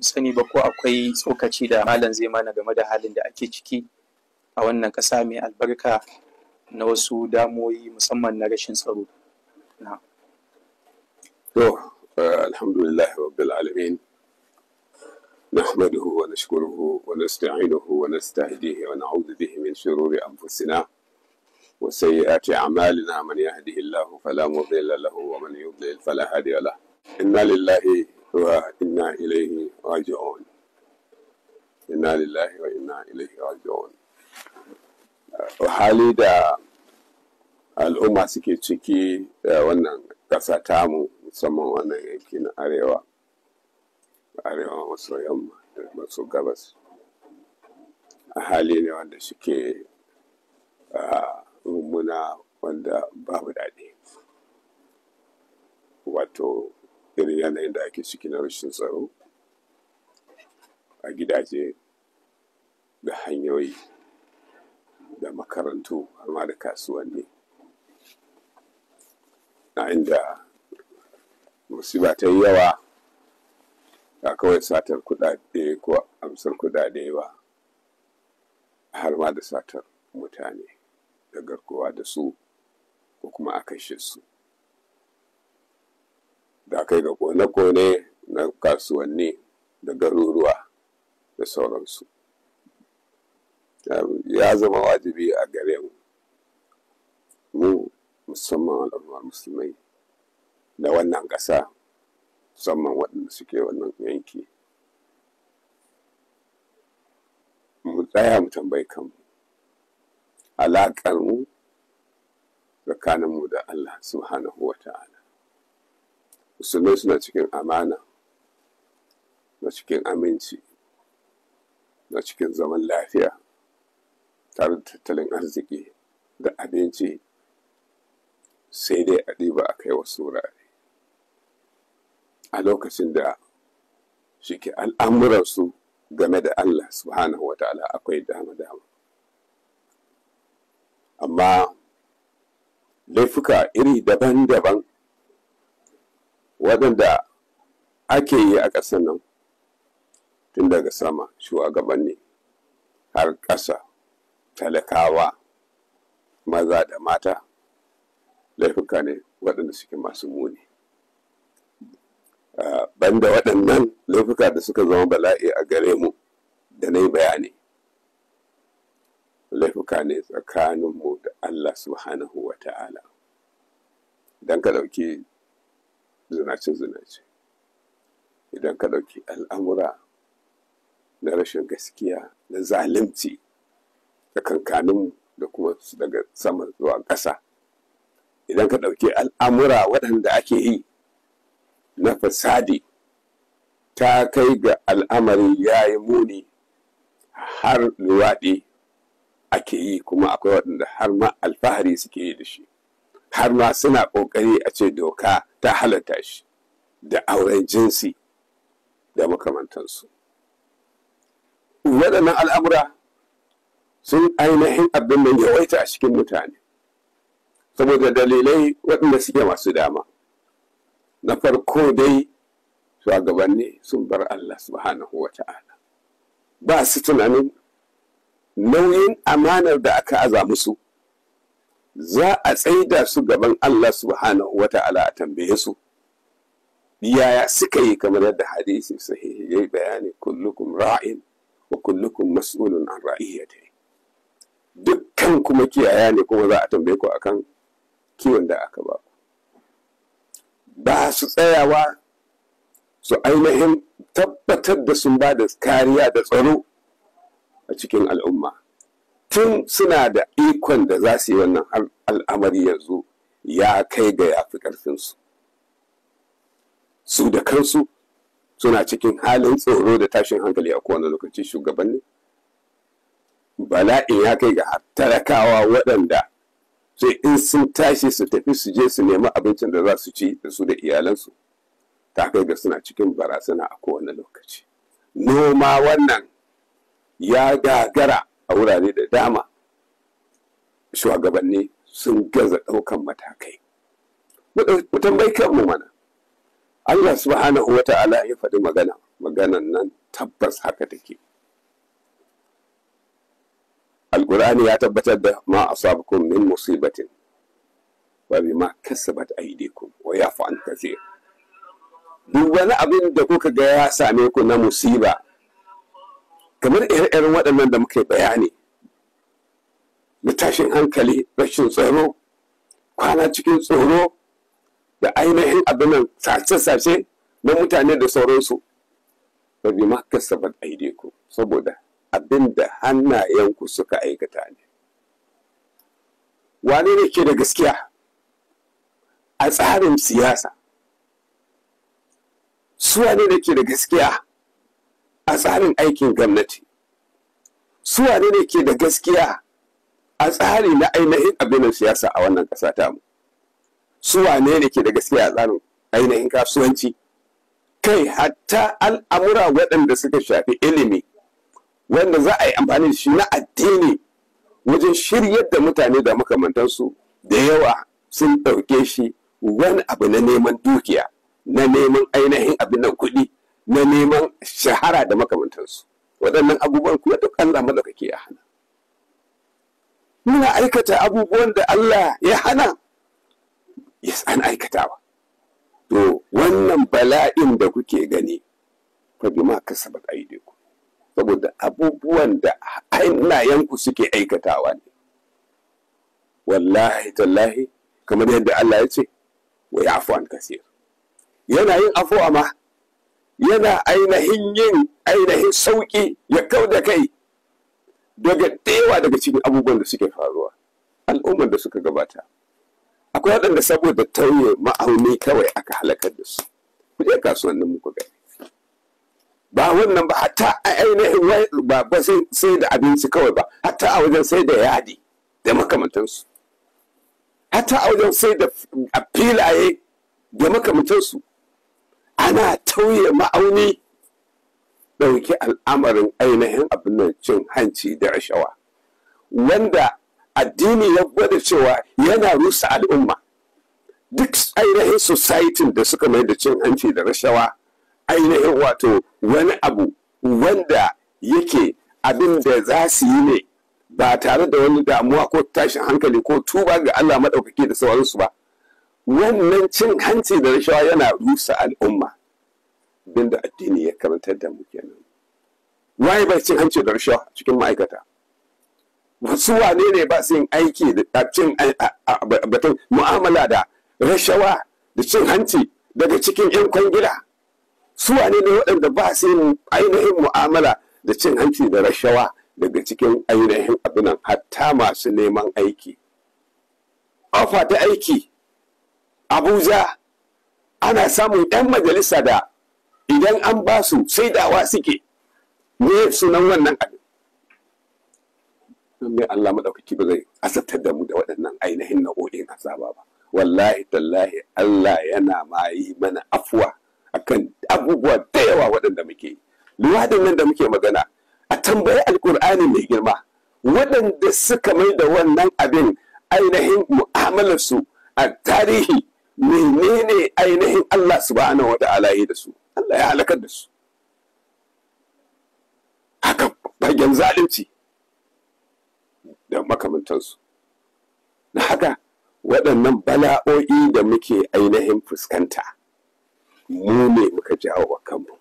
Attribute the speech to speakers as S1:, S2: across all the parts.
S1: sani ba ko akwai tsokaci da malam zai mana game da halin da ake ciki a wannan ƙasa mai albarka na wasu damoyi musamman na rashin tsaro. To, eh, alhamdulillah rabbil alamin. wa ونشكره ونستعينه ونستهديه ونعوذ به من شرور أنفسنا وسيئات أعمالنا من يهده الله فلا مضل له ومن يضلل فلا هادي له إنا لله Wa inna ilaihi raji'un inna lillahi wa inna ilaihi raji'un uh, hali da al'umma suke ciki da uh, wannan ƙasa tamu musamman wannan yanki na arewa arewa maso yamma da maso gabas a hali ne wanda suke uh, mummuna wanda babu daɗi wato irin yanayin da ake ciki na rashin tsaro a gidaje da hanyoyi da makarantu har ma da kasuwanni na inda musiba ta yi yawa ba kawai satar kudade ko amsar kudade ba har ma da satar mutane da garkuwa da su ko kuma a kashe su da kai ga kone-kone na kasuwanni da garuruwa da sauransu ya zama wajibi a gare mu mu musamman al'umma musulmai na wannan ƙasa musamman waɗanda suke wannan yanki mu tsaya mu tambayi kanmu alaƙar mu tsakaninmu da Allah subhanahu wa ta'ala musulmai suna cikin amana na cikin aminci na cikin zaman lafiya tare da tattalin arziki da abinci sai dai a ɗiba a kai wasu wurare a lokacin da shi ke al'amuransu game da Allah subhanahu wa ta'ala akwai dama-dama amma laifuka iri daban-daban waɗanda ake yi a ƙasar nan tun daga sama ne har ƙasa talakawa maza da mata laifuka ne waɗanda suke masu muni ah, banda waɗannan laifuka da suka zama bala'i a gare mu da na yi bayani laifuka ne tsakaninmu da allah subhanahu wa ta'ala don ka ɗauki zinace-zinace idan ka ɗauki al'amura na rashin gaskiya na zalunci da kankanin da kuma daga sama zuwa ƙasa idan ka ɗauki al'amura waɗanda ake yi na fasadi ta kai ga al'amari ya yi muni har luwaɗi ake yi kuma akwai waɗanda har ma alfahari suke yi da shi har ma suna ƙoƙari a ce doka ta halatta shi da auren jinsi da makamantansu waɗannan al'amura sun ainihin abin nan yawaita a cikin mutane saboda dalilai waɗanda suke masu dama na farko dai shugabanni sun bar Allah subhanahu wa ta'ala ba su tunanin nauyin amanar da aka aza musu za a tsaida su gaban Allah subhanahu wa ta'ala a tambaye su yaya suka yi kamar yadda hadisi sahihi yayi bayani kullukum ra'in wa kullukum mas'ulun an ra'iyati dukkan kuma kiyaya ne kuma za a tambaye ku akan kiwon da aka ba ba su tsayawa su ainihin tabbatar da sun ba da kariya da tsaro a cikin al'umma tun suna da ikon da za su yi wannan al'amari yanzu ya kai ga yafi ƙarfinsu su da kansu suna cikin halin tsoro da tashin hankali a kowane lokaci shugabanni bala'in ya kai ga talakawa waɗanda sai in sun tashi su tafi su je su nemi abincin da za su ci da su da iyalansu ta kai ga suna cikin barasana a kowane lokaci noma wannan ya gagara a wurare da dama shugabanni sun gaza ɗaukan matakai mu tambayi kanmu mana Allah subhanahu wa ta'ala ya faɗi magana maganan nan tabbas haka take alkur'ani ya tabbatar da ma asabakum min musibatin wa bima kasabat aydikum wa ya an duk wani abin da kuka ga ya same ku na musiba kamar ire-iren waɗannan da muka yi bayani na tashin hankali rashin tsoro, kwana cikin tsoro da ainihin abinan sace-sace na mutane da sauransu ba bi ma kasabar ku saboda abin da hannayenku suka aikata ne wane ne ke da gaskiya a tsarin siyasa su wane ne ke da gaskiya a tsarin aikin gwamnati su ne ke da gaskiya a tsari na ainihin abinan siyasa a wannan ƙasa ta mu su ne ne ke da gaskiya a tsarin ainihin kasuwanci kai hatta al'amura waɗanda suka shafi ilimi wanda za a yi amfani da shi na addini wajen shiryar da mutane da makamantansu da yawa sun ɗauke shi wani abu na neman dukiya na neman ainihin abin nan kuɗi na neman shahara da makamantansu waɗannan abubuwan kuma duk Allah madaukaki ya hana muna aikata abubuwan da Allah ya hana yes an aikatawa to wannan bala'in da kuke gani fa bima yi aydikum saboda abubuwan da hannayenku suke aikatawa ne wallahi tallahi kamar yadda Allah ya ce wa ya'fu an kasir yana yin afuwa ma yana ainihin yin ainihin sauƙi ya kau da kai daga ɗewa daga cikin abubuwan da suke faruwa al'ummar da suka gabata akwai waɗanda saboda tauye ma'auni kawai aka halakar da su ku je kasuwannin muku gani ba wannan ba hatta a ainihin ba ba sai da abinci kawai ba hatta a wajen sai da yadi da makamantansu hatta a wajen sai da filaye da makamantansu ana tauye ma'auni ɗauki al'amarin ainihin abin nan cin hanci da rashawa wanda addini ya gwada cewa yana rusa al'umma duk ainihin societin da suka mai da cin hanci da rashawa ainihin wato wani abu wanda yake abin da za su yi ne ba tare da wani damuwa ko tashin hankali ko tuba ga Allah maɗaukaki da sauransu ba wannan cin hanci da rashawa yana rusa al'umma binda addini ya karantar da mu kenan waye bai cin hanci da rashawa cikin ma'aikata wasu wane ne ba su yin aiki da cin batun mu'amala da rashawa da cin hanci daga cikin 'yan kwangila su wane ne waɗanda ba su yin ainihin mu'amala da cin hanci da rashawa daga cikin ainihin abinan hatta masu neman aiki ofa ta aiki abuja ana samun 'yan majalisa da idan an ba su saidawa suke ne sunan wannan abin don mai Allah maɗaukaki ba zai asabtar da mu da waɗannan ainihin na'o'in azaba ba wallahi tallahi Allah yana ma yi mana afuwa akan abubuwa da yawa waɗanda muke yi luwadin nan da muke magana a tambayi alkur'ani mai girma waɗanda suka mai da wannan abin ainihin mu'amalarsu a tarihi menene ainihin Allah subhanahu wa ta'ala yi da su Allah ya halakar da su haka fagen zalunci da makamantansu na haka waɗannan bala'o'i da muke ainihin fuskanta mu ne muka jawo wa kanmu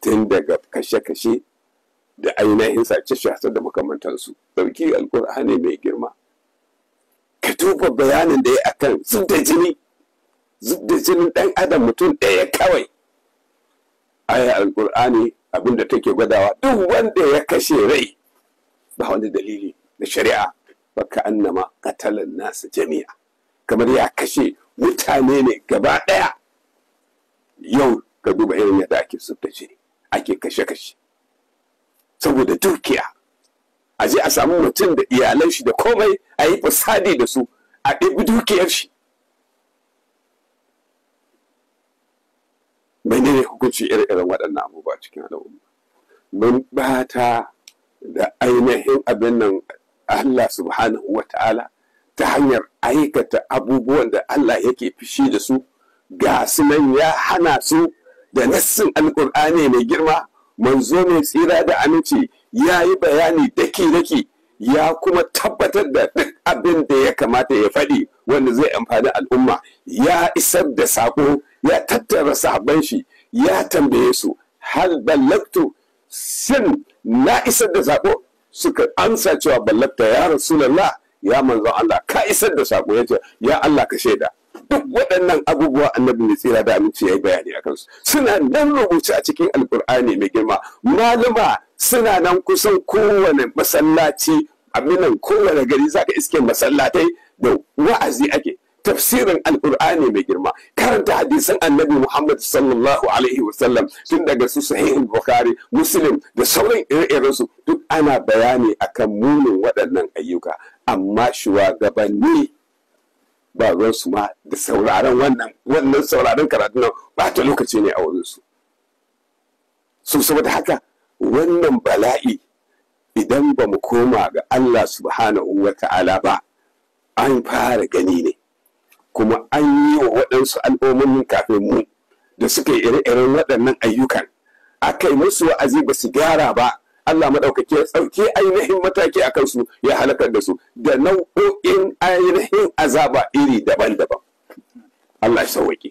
S1: tun daga kashe-kashe da ainihin sace shasar da makamantansu ɗauki alƙur'ani mai girma ka tufa bayanin da ya akan sun da jini zub da jinin ɗan adam mutum ɗaya kawai aya alkur'ani abinda take gwadawa duk wanda ya kashe rai ba wani dalili na shari'a ba ka annama katalan nasu jami'a kamar ya kashe mutane ne gaba ɗaya yau ka duba irin yadda ake da jini ake kashe-kashe saboda dukiya a je a samu mutum da iyalan shi da komai a yi fasadi da su a ɗibi dukiyar shi menene hukunci irin iren waɗannan abubuwa cikin al'umma mun bata da ainihin abin nan Allah subhanahu wa ta'ala ta hanyar aikata abubuwan da Allah yake fishi da su ga nan ya hana su da nassin alkur'ani mai girma manzo mai tsira da aminci ya yi bayani daki-daki ya kuma tabbatar da duk abin da ya kamata ya faɗi wanda zai amfani al'umma ya isar da sako ya tattara sahabban shi ya tambaye su har ballaktu sin na isar da sako suka amsa cewa ballakta ya rasulallah ya manzo Allah ka isar da sako ya ce ya Allah ka shaida duk waɗannan abubuwa annabi mai tsira da aminci ya yi bayani a kansu suna nan rubuce a cikin alkur'ani mai girma malama suna nan kusan kowane masallaci abin nan kowane gari zaka iske masallatai da wa'azi ake tafsirin alkur'ani mai girma karanta hadisan annabi muhammad sallallahu alaihi wasallam tun daga su sahihul bukhari muslim da sauran ire su duk ana bayani akan munin waɗannan ayyuka amma shugabanni ba su ma da sauraron wannan wannan sauraron karatu nan ba lokaci ne a wurinsu su saboda haka wannan bala'i idan ba mu koma ga Allah subhanahu wa ta'ala ba an fara gani ne kuma an yi wa waɗansu al'ummomin kafin mu da suka yi ire-iren waɗannan ayyukan aka yi musu wa'azi ba su gyara ba Allah maɗaukaki ya tsauke ainihin mataki a kansu ya halakar da su da nau'o'in ainihin azaba iri daban-daban Allah ya sauwaƙe.